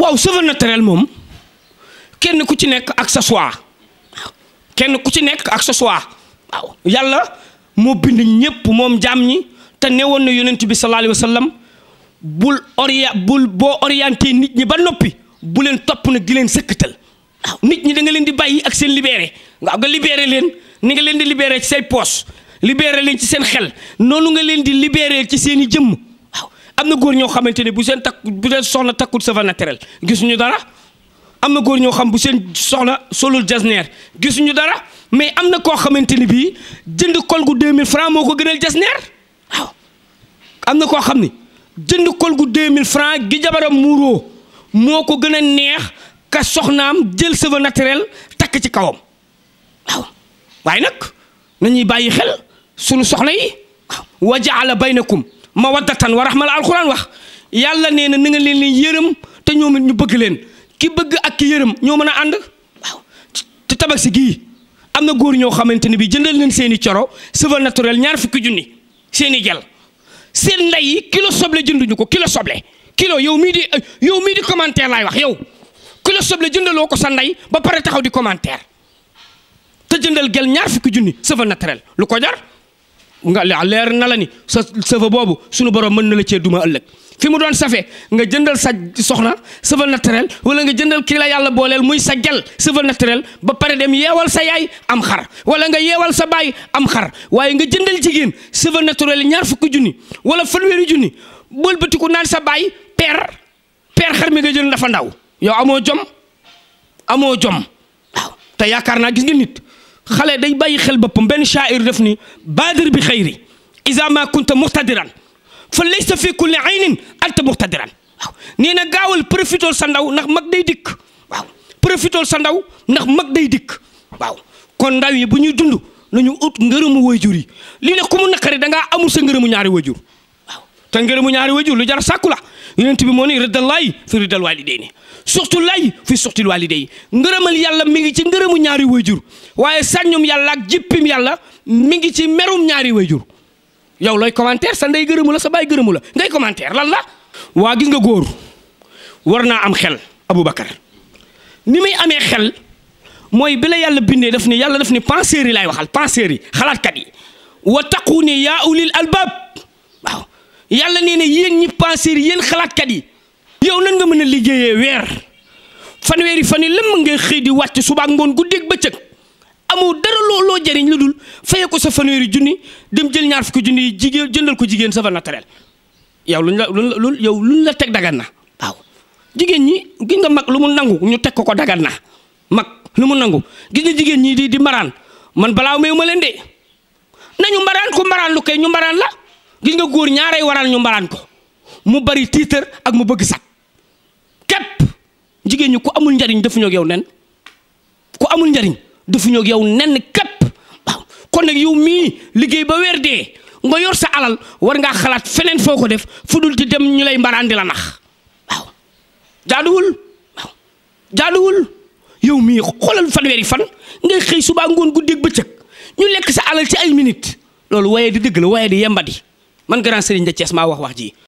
waaw cheveux naturel moom kenn ku ci nekk accessoire kenn ku ci nekk accessoire waaw yàlla moo bind ñépp moom jaam ñi te newoon na yonent bi sallallahu alayhi wa sallam bul oria bul boo orienté nit ñi ba noppi bu leen topp nag di leen sëkkatal waaw nit ñi da nga leen di bàyyi ak seen libéré waaw nga libeere leen ni nga leen di libéré ci say poos libéré leen ci seen xel noonu nga leen di libéré ci seen i jëmm am na góor ñoo xamante ne bu seen takk bu seen soxna takkul sa naturel gisuñu dara am na góor ñoo xam bu seen soxna solul jasneer gisuñu dara mais am na koo xamante ni bii jënd kol gu 2000 francs moo ko gënal jasneer waaw am na koo xam ni jënd kol gu 2000 francs gi jabaram muuroo moo ko gën a neex ka soxnaam jël sa fa naturel takk ci kawam waaw waaye nag nañuy bàyyi xel sunu soxna yi waaw wa jaala baynakum ma mawaddatan wa rahma la alquran wax yàlla nee na na nga leen leen yërëm te ñoom it ñu bëgg leen ki bëgg ak ki yërëm ñoo mën a ànd te tabax si gii am na góor ñoo xamante ne bi jëndal leen seeni coro cheveux naturel ñaar fukki junni seeni gel seen ndey kilo soble jënduñu ko kilo soble kilo yow mii di yow mii di commentaire laay wax yow kilo soble jëndaloo ko sa ndey ba pare taxaw di commentaire te jëndal gel ñaar fukki junni cheveux naturel lu ko jar nga leer na la ni sa sëfa boobu sunu borom mën na la cee duma ëllëg fi mu doon safe nga jëndal sa soxna sëfal naturel wala nga jëndal kii la yàlla booleel muy sa gel sëfal naturel ba pare dem yeewal sa yaay am xar wala nga yeewal sa baay am xar waaye nga jëndal jigéen sëfal naturel ñaar fukki junni wala fanweeri junni bëlbatiku naan sa baay per per xar mi nga jën dafa ndaw yow amoo jom amoo jom waaw te yaakaar naa gis nga nit خالي داي باي خيل بوبم بن شاعر رفني بادر بخيري اذا ما كنت مقتدرا فليس في كل عين انت مقتدرا نينا غاول بروفيتول سانداو نخ ماك داي ديك واو بروفيتول سانداو نخ ماك داي ديك واو كون داوي بني دوند نيو اوت نغيرم ويجوري لي نكومو نخري داغا امو سا نغيرم نياري ويجور واو تا نغيرم نياري ويجور لو جار ساكولا yonent bi moo ne rëddal laay fi rëddal waalidayni suxtu laay fi suxtil waaliday ngërëmal yàlla mi ngi ci ngërëmu ñaari wayjur waaye sàññum yàlla ak jippim yàlla mi ngi ci merum ñaari wayjur yow looy commentaire sa ndey gërëmu la sa baay gërëmu la ngay commentaire lan la waa gi nga góor war naa am xel Aboubacar ni muy amee xel mooy bi la yàlla bindee daf ni yàlla daf ni penseurs yi laay waxal penseurs yi xalaatkat yi wa taqu ne yaa ulil albaab waaw yàlla nee na yéen ñi penser yéen xalaatkat yi yow nan nga mën a liggéeyee weer fanweeri fan yi lëmm ngay xëy di wàcc subaak ngoon guddeeg bëccëg amoo dara looloo loo jëriñ lu dul faye ko sa fanweeri junni dem jël ñaar fukki junni yi jigéen jëndal ko jigéen sa fa naturel yow luñ la yow luñ la teg dagan na waaw jigéen ñi gin nga mag lu mu nangu ñu teg ko ko dagan na mag lu mu nangu gi nga jigéen ñi di di maraan man balaa meew ma leen de nañu maraan ku maraan lu kay ñu la. gis nga goor ñaaray waral ñu mbalan ko mu bari tiitër ak mu bëgg sat kep jigeen ñu ko amul ndariñ def ñok yow nen ku amul ndariñ def ñok yow nen kep, kon nak yow mi liggey ba weer nga yor sa alal war nga xalat fenen foko def fudul di dem ñu lay mbaraan di la nax waaw jaaduwul waaw jaaduwul yow mii xoolal fan ngay xey suba ngon guddeeg beccëk ñu lek sa alal ci ay minute lolou waye di deug la waye di yembadi man grand Serigne de Thiès maa wax wax ji